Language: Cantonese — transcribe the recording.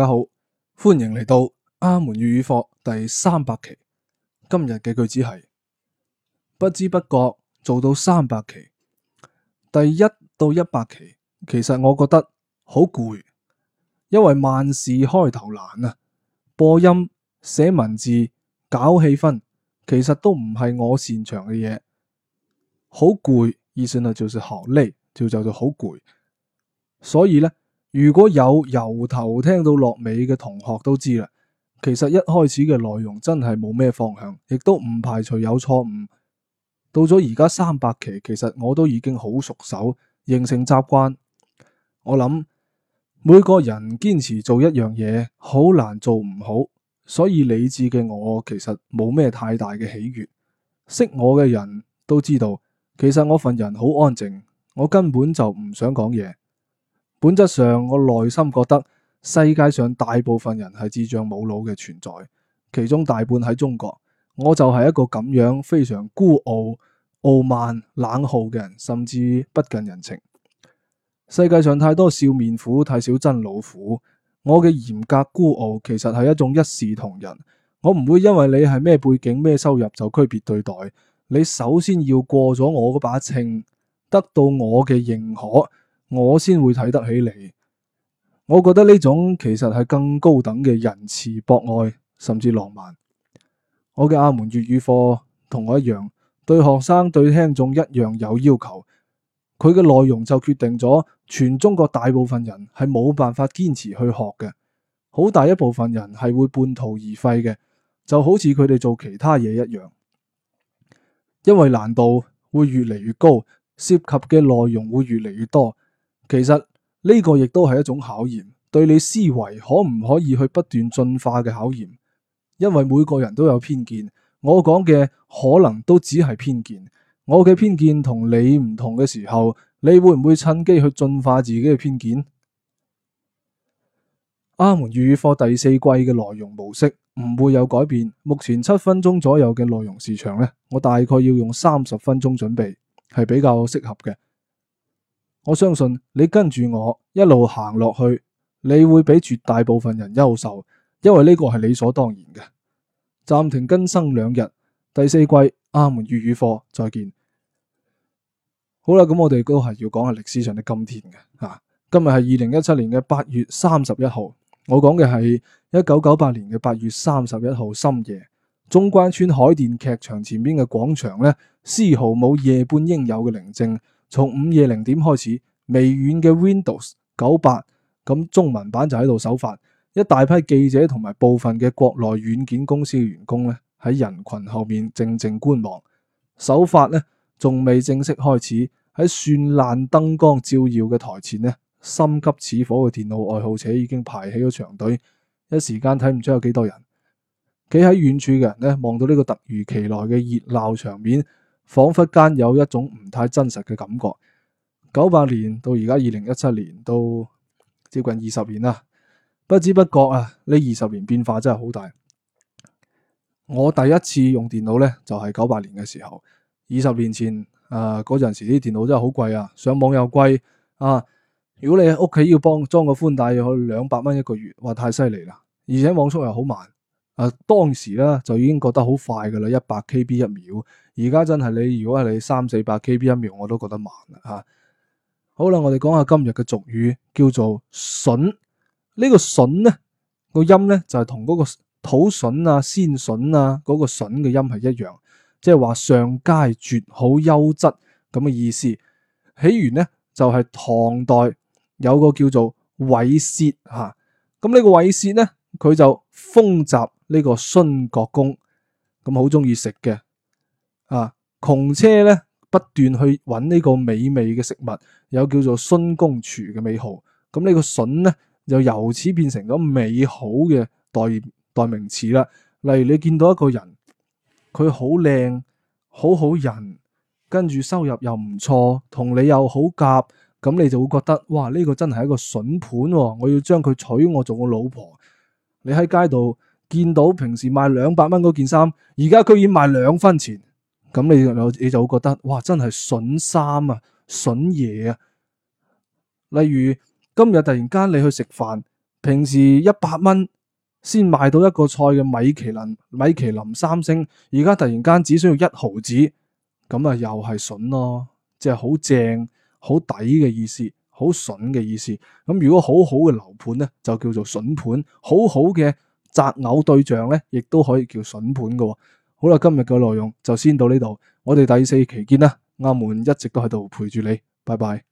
大家好，歡迎嚟到阿門粵語課第三百期。今日嘅句子係不知不覺做到三百期。第一到一百期，其實我覺得好攰，因為萬事開頭難啊。播音、寫文字、搞氣氛，其實都唔係我擅長嘅嘢，好攰。意思呢就係好累，就就做好攰。所以咧，如果有由頭聽到落尾嘅同學都知啦，其實一開始嘅內容真係冇咩方向，亦都唔排除有錯誤。到咗而家三百期，其實我都已經好熟手，形成習慣。我諗每個人堅持做一樣嘢，好難做唔好，所以理智嘅我其實冇咩太大嘅喜悅。識我嘅人都知道，其實我份人好安靜，我根本就唔想講嘢。本質上，我內心覺得世界上大部分人係智障冇腦嘅存在，其中大半喺中國。我就係一個咁樣非常孤傲、傲慢、冷酷嘅人，甚至不近人情。世界上太多笑面虎，太少真老虎。我嘅嚴格、孤傲，其實係一種一視同仁。我唔會因為你係咩背景、咩收入就區別對待。你首先要過咗我嗰把秤，得到我嘅認可。我先會睇得起你，我覺得呢種其實係更高等嘅仁慈博愛，甚至浪漫。我嘅阿門粵語課同我一樣，對學生對聽眾一樣有要求。佢嘅內容就決定咗全中國大部分人係冇辦法堅持去學嘅，好大一部分人係會半途而廢嘅，就好似佢哋做其他嘢一樣，因為難度會越嚟越高，涉及嘅內容會越嚟越多。其實呢個亦都係一種考驗，對你思維可唔可以去不斷進化嘅考驗。因為每個人都有偏見，我講嘅可能都只係偏見。我嘅偏見同你唔同嘅時候，你會唔會趁機去進化自己嘅偏見？阿門語課第四季嘅內容模式唔會有改變。目前七分鐘左右嘅內容時長呢，我大概要用三十分鐘準備，係比較適合嘅。我相信你跟住我一路行落去，你會比絕大部分人優秀，因為呢個係理所當然嘅。暫停更新兩日，第四季阿門粵語課再見。好啦，咁我哋都係要講下歷史上的今天嘅吓，啊，今日係二零一七年嘅八月三十一號，我講嘅係一九九八年嘅八月三十一號深夜，中關村海淀劇場前邊嘅廣場呢，絲毫冇夜半應有嘅寧靜。從午夜零點開始，微軟嘅 Windows 九八咁中文版就喺度首發。一大批記者同埋部分嘅國內軟件公司嘅員工呢，喺人群後面靜靜觀望。首發呢仲未正式開始，喺絢爛燈光照耀嘅台前呢，心急似火嘅電腦愛好者已經排起咗長隊。一時間睇唔出有幾多人。企喺遠處嘅人呢，望到呢個突如其來嘅熱鬧場面。仿佛間有一種唔太真實嘅感覺。九八年到而家二零一七年，都接近二十年啦。不知不覺啊，呢二十年變化真係好大。我第一次用電腦呢，就係九八年嘅時候。二十年前，誒嗰陣時啲電腦真係好貴啊，上網又貴啊。如果你喺屋企要幫裝個寬帶，要兩百蚊一個月，哇，太犀利啦！而且網速又好慢。啊，當時啦就已經覺得好快噶啦，一百 KB 一秒。而家真係你如果係你三四百 KB 一秒，我都覺得慢啦嚇、啊。好啦，我哋講下今日嘅俗語，叫做筍、這個、筍。呢，呢、就是那個筍咧個音咧就係同嗰個土筍啊、鮮筍啊嗰、那個筍嘅音係一樣，即係話上佳、絕好優質、優質咁嘅意思。起源咧就係、是、唐代有個叫做韋諲嚇，咁、啊這個、呢個韋諲咧佢就風集。呢個郇國公咁好中意食嘅，啊窮車咧不斷去揾呢個美味嘅食物，有叫做郇公廚嘅美好，咁、嗯，這個、呢個筍咧就由此變成咗美好嘅代代名詞啦。例如你見到一個人，佢好靚，好好人，跟住收入又唔錯，同你又好夾，咁你就會覺得哇呢、這個真係一個筍盤、哦，我要將佢娶我做我老婆。你喺街度。見到平時賣兩百蚊嗰件衫，而家居然賣兩分錢，咁你你你就會覺得哇，真係筍衫啊，筍嘢啊！例如今日突然間你去食飯，平時一百蚊先買到一個菜嘅米其林，米其林三星，而家突然間只需要一毫子，咁啊又係筍咯，即係好正、好抵嘅意思，好筍嘅意思。咁如果好好嘅樓盤呢，就叫做筍盤，好好嘅，擇偶對象呢，亦都可以叫筍盤嘅喎。好啦，今日嘅內容就先到呢度，我哋第四期見啦。阿門一直都喺度陪住你，拜拜。